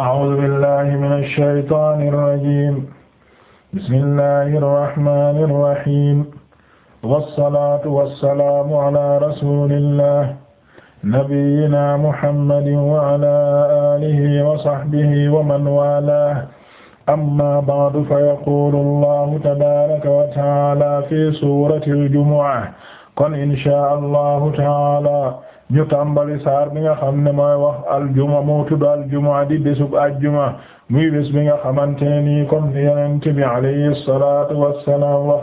أعوذ بالله من الشيطان الرجيم بسم الله الرحمن الرحيم والصلاة والسلام على رسول الله نبينا محمد وعلى آله وصحبه ومن والاه أما بعد فيقول الله تبارك وتعالى في سورة الجمعة قل إن شاء الله تعالى ñu tàmbali saar bi nga xam ne mooy wax aljuma moo tudd aljuma di bésub aljuma muy bés bi nga xamante ne nii comme ni yonent bi alayhi salaatu wassalaam wax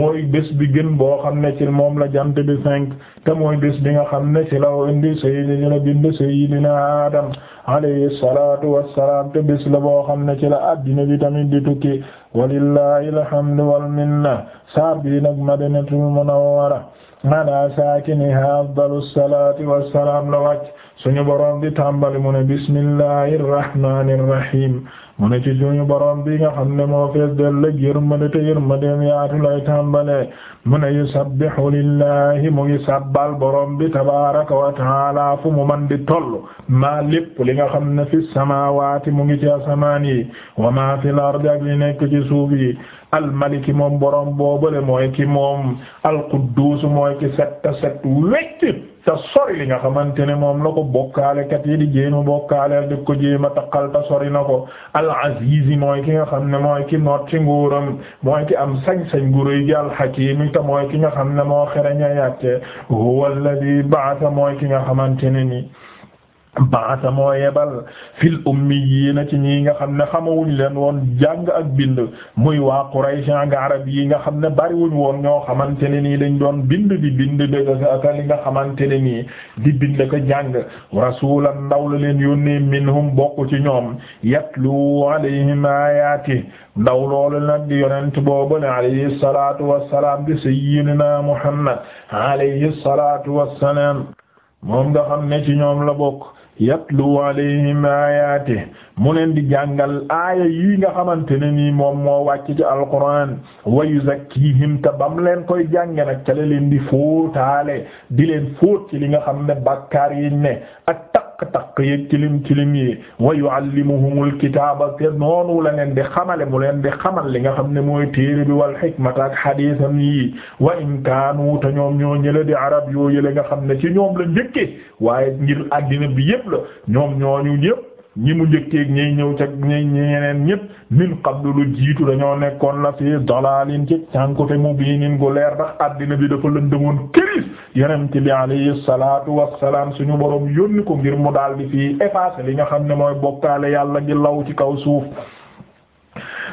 mooy bés bi gën boo xam ne ci moom la jant bi fenk te mooy bés bi nga xam ne ci la indi sayyidina la bind sayyidina Adam alayhi salaatu wassalaam te bés la boo xam ne ci la addina bi tamit di tukki walillahi alhamdu wal minna saar bi nag madinatul munawwara ala saakiniha afdalu salaati wassalaam la wàcc suñu boroom di tàmbali mu ne bismillahi irrahmani irrahim mu ci suñu boroom bi nga xam ne moo fees del lëg yërmande te yërmandeem yaatu lay tàmbale mu ne yusabbihu lillahi mu ngi sàbbal boroom bi tabaraka fu mu man di toll maa lépp li nga xam ne fi samaawaati mu ngi ci asamaan yi wa maa fil ardi ak li nekk ci suuf yi almaliki moom borom boobale mooy ki moom alquddus mooy ki set te set wecc te li nga xamante ne moom la ko bokkaale kat yi di jéema bokkaaleel di ko ma taqal te sori na ko alazizi mooy ki nga xam ne mooy ki noot ci nguuram mooy ki am sañ-sañ guréy gi alxakimi te mooy ki nga xam ne moo xereña yàtte huwa alladi ba'atha mooy ki nga xamante ne ni baasa moo yebal fil na ci ñi nga xam ne xamawuñ leen woon jàng ak bind muy waa Quraysh ak arab nga xam ne bariwuñ woon ñoo xamante ne nii dañ doon bind di bind dëgg li nga xamante ne nii di bind ko jàng rasuulan ndaw la leen yónnee minhum bokk ci ñoom yatlu alayhim aayaati ndaw loolu nag di yonent boobu ne alayhi salaatu wassalaam di sayyidina Muhammad alayhi salaatu wassalaam moom nga xam ne ci ñoom la bokk lu alayhim ayaatihi mu leen di jàngal aaya yi nga xamante ne ni moom moo wàcc ci alquran wa yuzakkihim te bam leen koy jànge nag ca leen di fóotaale di leen fóot ci li nga xam ne bakkaar yi ne ak yeeg tilim tilim yi wa yuallimuhumul kitaaba te noonu la leen di xamale mu leen di xamal li nga xam ne mooy téere bi wal xikmata ak xadiisam yi wa in kaanu te ñoom ñoo ñële di arab yoo yële nga xam ne ci ñoom la njëkke waaye ngir àddina bi yëpp la ñoom ñooñu yépp ñi mu njëkkeeg ñiy ñëw ca ñi ñeneen ñépp min qablu lu jiitu dañoo nekkoon la fii dalalin ci cànkute mu biinin gu leer ndax àddina bi dafa lëndëmoon këris yonent bi alayhi salaatu wassalaam suñu borom yónni ko ngir mu daal di fii effacer li nga xam ne mooy bokkaale yàlla gi law ci kaw suuf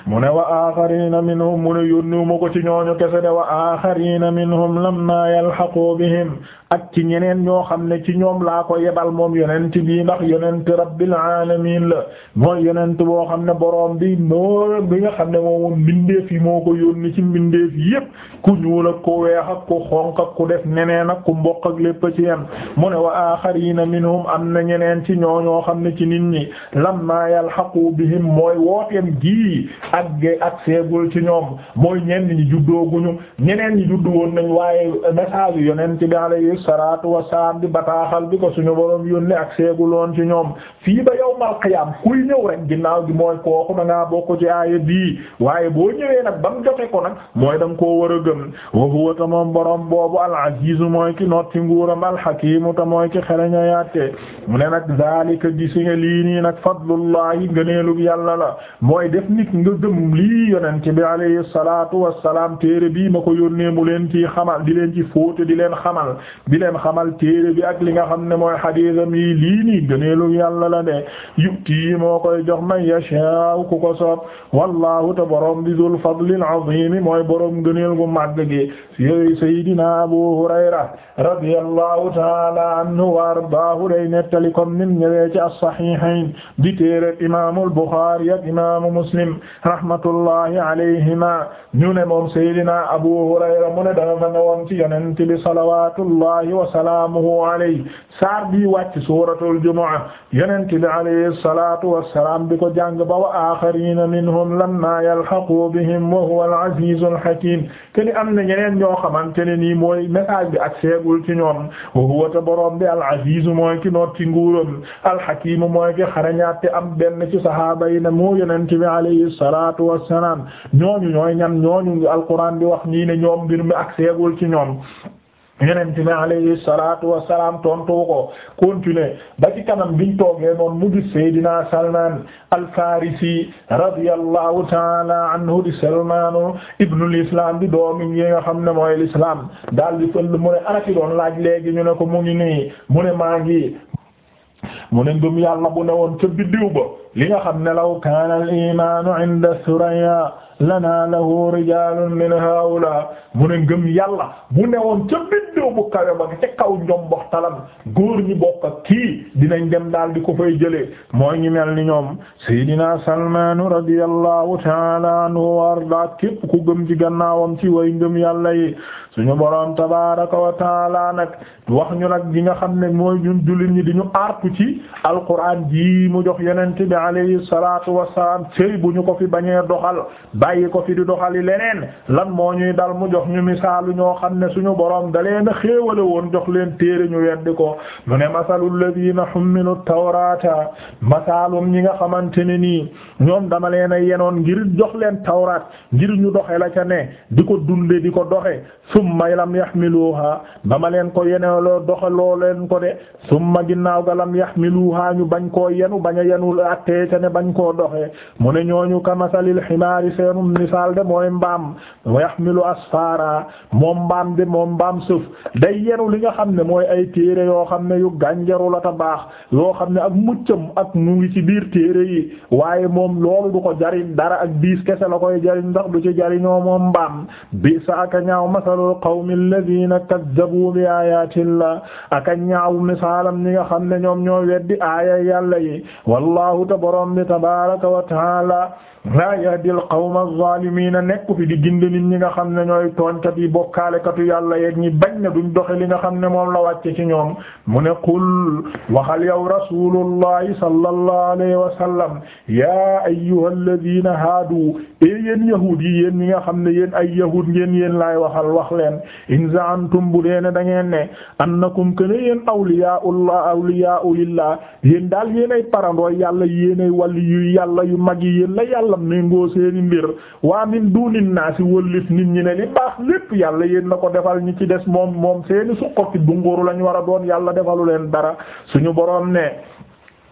mu ne wa axarina minhum mu ne yónniwu ma ko ci ñooñu kese de wa axarina minhum lamma yalhaqu bihim ak ci ñeneen ñoo xam ne ci ñoom laa ko yebal moom yonent bi ndax yonent rabbil alamin la mooy yonent boo xam ne boroom bi noo bi nga xam ne moom mbindeef yi moo ko yónni ci mbindeef yi yépp ku ñuul ak ku weex ak ku xonq ak ku def neneen ak ku mboq ak lépp ci yem mu ne wa aaxariina minhum am na ñeneen ci ñoo ñoo xam ne ci nit ñi lamma yalhaqu bihim mooy wooteem gii ak ge ak seegul ci ñoom mooy ñenn ñi juddooguñu ñeneen ñi juddu woon nañ waaye message yonent bi alayhi salaatu bi di bataaxal bi ko suñu borom yónni ak loon ci ñoom fii ba yawmal qiyaam kuy ñëw rek ginnaaw gi mooy ko da ngaa bokk ci aaya bii waaye bo ñëwee nag ba mu jote ko nag mooy da ko koo war a gëm wa huwa ta moom borom boobu al-aziz mooy ki noot ci nguuram al-hakiim ta mooy ki xereña yaate mu ne nag zaalika gisi nga lii nii nag fadlullahi ngëneelub yàlla la mooy def nit nga gëm lii yonent bi alayhi salaatu wasalaam téere bii ma ko yónnee mu leen ci xamal di leen ci fóote di leen xamal bi leen xamal téere bi ak li nga xam ne mooy xadiisam yi lii nii gëneelu yàlla la de yutii moo koy jox man yashaa ku ko soob wallahu te borom bi dul fadlil azim mooy borom gëneel gu màgg gi yooyu saydina abu hurayra radiyallahu taala anhu wa ardaahu day nettali comme nim ñëwee ci as-sahihayn di téere imaamul buxaari ak imaamu muslim rahmatullahi alayhima ñu ne moom saydina abu hurayra mu ne dafa ne woon ci yonent bi salawatullah salawaatullahi wa salaamuhu alayhi saar bi wàcc suuratul jumu'a yonent bi alayhi salaatu wa salaam bi ko jàng ba wa aaxariina minhum lammaa yalhaqu bihim wa huwa al-aziizul hakiim te ni am na ñeneen ñoo xamante ne nii mooy message bi ak seegul ci ñoom wa huwa te boroom bi al-aziizu mooy ki noot ci nguuram al-hakiim mooy ki xarañaat te am benn ci sahaaba yi na moo yonent bi alayhi salaatu wa salaam ñooñu ñooy ñan ñooñu alquran di wax nii ne ñoom mbir mi ak seegul ci ñoom yonent bi alayhi salaatu wa salaam tontu ko continuer ba ci kanam biñ toogee noonu mu gis Seydina Salman al-Farisi radiyallahu ta'ala anhu di Salman ibnul Islam di doomi yi nga xam ne mooy l'islam daal di fël mu ne doon laaj léegi ñu ne ko mu ngi nii mu ne maa mu ne ngëm yàlla bu ne woon ca biddiw li nga xam ne law kaana al-iimaanu inda Suraya lanaalahu rijaalun min haa'ulaa mu ne ngëm yàlla bu newoon ca bindoo bu kawe ba ca kaw njombox talam góor ñi bokk ak kii dinañ dem daal di ko fay jëlee mooy ngi mel ni ñoom Seydina Salmaanu radiyallahu ta'ala anhu warda képp ku gëm ci gannaawam ci way ngëm yàlla yi suñu boroom tabaaraka wa taala nag wax ñu nag gi nga xam ne mooy ñun jullit ñi di ñu artu ci alquran ji mu jox yeneen bi alayhi salaatu wassalaam sëy bu ñu ko fi bañee doxal bàyyi ko fi di doxali leneen lan jox ñu misaalu ñoo xam ne suñu borom da leen a xéewale woon jox leen téere ñu weddi ko mu ne masalul ladina hummilu tawrata masaalum ñi nga xamante ne nii ñoom dama leen a yenoon ngir jox leen tawraat ngir ñu doxe la ca ne di ko dunde di ko doxe summa lam yahmiluha dama leen ko yeneloo doxe loo leen ko de summa ginnaaw ga lam yahmiluha ñu bañ koo yenu bañ a yenul attee ca ne bañ ko doxe mu ne ñooñu ka masalil ximaari seenum misaal de mooy mbaam yahmilu sara moom mbaam de moom mbaam sëf day yenu li nga xam ne mooy ay téere yoo xam ne yu gànjaru la ta baax yoo xam ne ak muccam ak mu ngi ci biir téere yi waaye moom loolu du ko jariñ dara ak diis kese la koy jariñ ndax du ci jariñoo moom mbaam bi sa aka ñaaw masalul qawmi alladhina kazzabu bi ayatillah aka ñaaw misaalam ñi nga xam ne ñoom ñoo weddi aaya yàlla yi wallahu ta bi tabaraka wa taala la yahdil qawma adh-dhalimin nekku fi di gindi nit ñi nga xam ne tooñkat yi bokkaalekatu yàlla yeeg ñi bañ na duñ doxe li nga xam ne moom la wàcce ci ñoom mu ne qul waxal yow rasulullahi sallallahu alayhi wa sallam yaa ayyuhalladhina haadu e yéen yahuud yi yéen ñi nga xam ne yéen ay yahuud ngeen yéen laay waxal wax leen in za'antum bu deen da ngeen ne annakum kana yéen awliyaa'ullah awliyaa'u lillah yéen daal yéen ay parandooy yàlla yéen ay wàlli yu yàlla yu mag yi yéen la yàlla méngoo seeni mbir wa min dunin naasi wëllif nit ñi ne baax lépp yàlla yéen na ko defal ñi ci des moom moom seeni suqo ci dunguru lañ war a doon yàlla defalu leen dara ñu boroom nee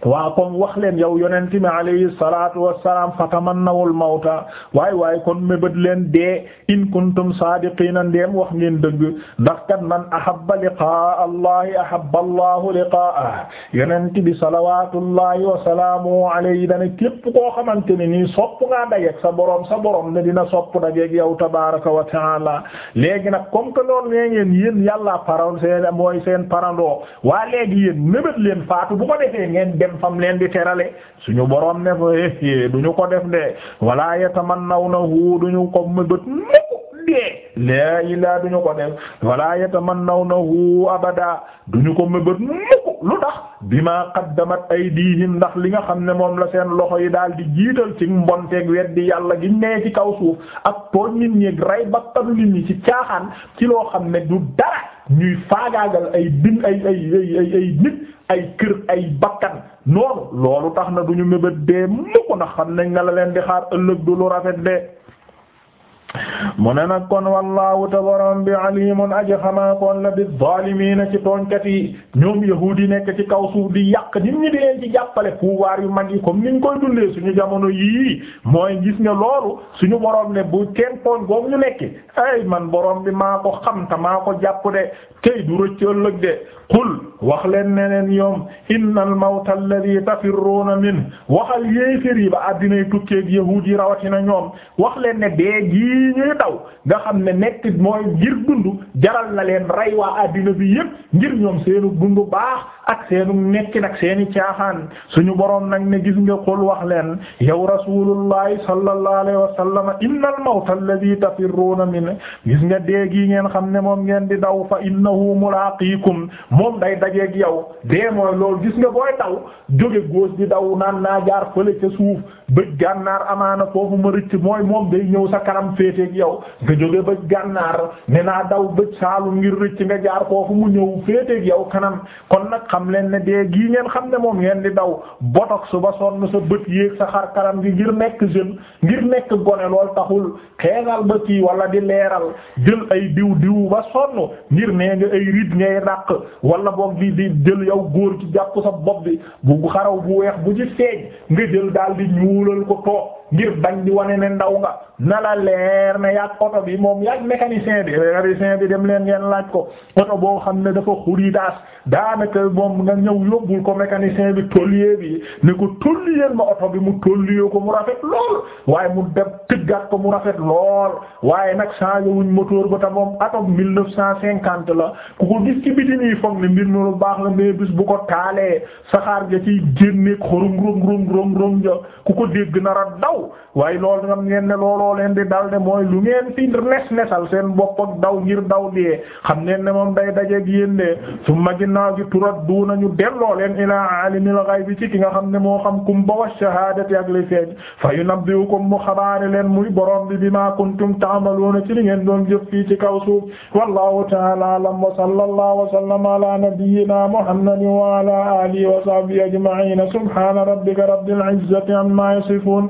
waa kon wax leen yow yonent mi alayhi salaatu wassalaam fatamannawul mawta waay waay kon mébét leen dee in kuntum saadiqiina ndeem wax ngeen dëgg ndax kat man ahabba liqaa allahi ahabba allahu liqaa'ah yonent bi salawaatullahi wa salaamuhu alayhi dana képp koo xamante ne nii sopp ngaa dajeek sa boroom sa boroom ne dina sopp dajeek yow tabaaraka wa ta'aala léegi nag comme que noonu nee ngeen yéen yàlla parole seen mooy seen parandoo waa léegi yéen mébét leen faatu bu ko defee ngeen dem leen fam leen di terale suñu borom ne fa eh, eh, ñu ko def de wala du duñu ko mëbët dee laa duñu ko def wala yatamannawnahu abada duñu ko mëbët mukk lu tax bima ay aydihim ndax li nga xam ne moom la seen loxo yi daal di jiital ci mbonteeg weddi yàlla gi nee ci kaw suuf ak tooñ nit ñi rey bakkanu nit ñi ci caaxaan ci loo xam ne du dara ñuy faagaagal ay bin ay ay ay ay nit ay kër ay bakkan noonu loolu tax na duñu mébét dee mu ko na xam nañ nga la leen di xaar ëllëg du lu rafet de mu ne nag kon wallahu te borom bi alimun aji xamaakoon la bi zaalimiina ci tooñkat yi ñoom yahuud yi nekk ci kaw suuf di yàq di ñi di leen ci jàppale pouvoir yu mag yi comme niñ koy dundee suñu jamono yii mooy gis nga loolu suñu borom ne bu kenn tooñ boobu ñu nekk ay man borom bi maa ko xam ta maa ko jàpp de tey du rëcc ëllëg de qul wax leen ne leen yoom innal mawta alladhi tafirruuna min waxal yéefér yi ba addinay tukkeeg yahuud yi rawatina ñoom wax leen ne dee gi yii ñuy daw nga xam ne nekk mooy ngir dund jaral na leen rey waa àddina bi yépp ngir ñoom seenu dund baax ak seenu nekkin ak seeni caaxaan suñu boroom nag ne gis nga xol wax leen yow rasulullahi sallallahu alayhi wa sallam innal mawta alladhi tafirruuna min gis nga dee gi ngeen xam ne moom ngeen di daw fa innahu mulaaqiikum moom day dajeeg yow dee mooy loolu gis nga booy daw jóge góos di daw naan naa jaar fële ca suuf bëj gànnaar amaana foofu ma rëcc mooy moom day féeteeg yow nga jóge ba gànnaar ne naa daw ba saalum ngir rëcc nga jaar foofu mu ñëw féeteeg yow kanam kon nag xam leen ne dee gii ngeen xam ne moom ngeen di daw botox ba sonn sa bët yéeg sa xar kanam gi ngir nekk jeune ngir nekk gone lool taxul xeegal ba kii wala di leeral jël ay diw diw ba sonn ngir nee nga ay rit ngay ràq wala boog di di jël yow góor ci jàpp sa bopp bi bu xaraw bu weex bu ci feeñ nga jël daal di ñuulal ko toog ngir bañ di wane ne ndaw nga na la leer ne yàgg oto bi moom yàgg mécanicien bi mécanicien bi dem leen ngeen laaj ko oto boo xam ne dafa xuri daas daanaka moom nga ñëw yóbbul ko mécanicien bi tôlier bi ne ko tôlier ma oto bi mu tôlier ko mu rafet lool waaye mu dem tëggaat ko mu rafet lool waaye nag changé wuñ moteur ba ta moom atom mille neuf cent cinquante la ku ko gis ci biti nii foog ne mbir mi lu baax na mais bis bu ko taalee saxaar ga ci génneeg xorum rom rom rom rom ja ku ko dégg nara daw daw waaye loolu xam ngeen ne looloo leen di dal de mooy lu ngeen fi nes nesal seen bopp ak daw ngir daw dee xam ngeen ne moom day dajeeg yéen de summa ginnaaw gi turadduuna ñu delloo leen ilaa aalimil ghaybi ci ki nga xam ne moo xam kumba wa shahaadati ak li feeñ fa yunabbi'ukum mu xabaare leen muy borom bi bimaa kuntum ta'maluuna ci li ngeen doon jëf fii ci kaw suuf wallahu ta'ala a'lam wa sallallahu wa sallama ala nabiyyina muhammadin wa ala alihi wa sahbihi ajma'in subhana rabbika rabbil izzati amma yasifun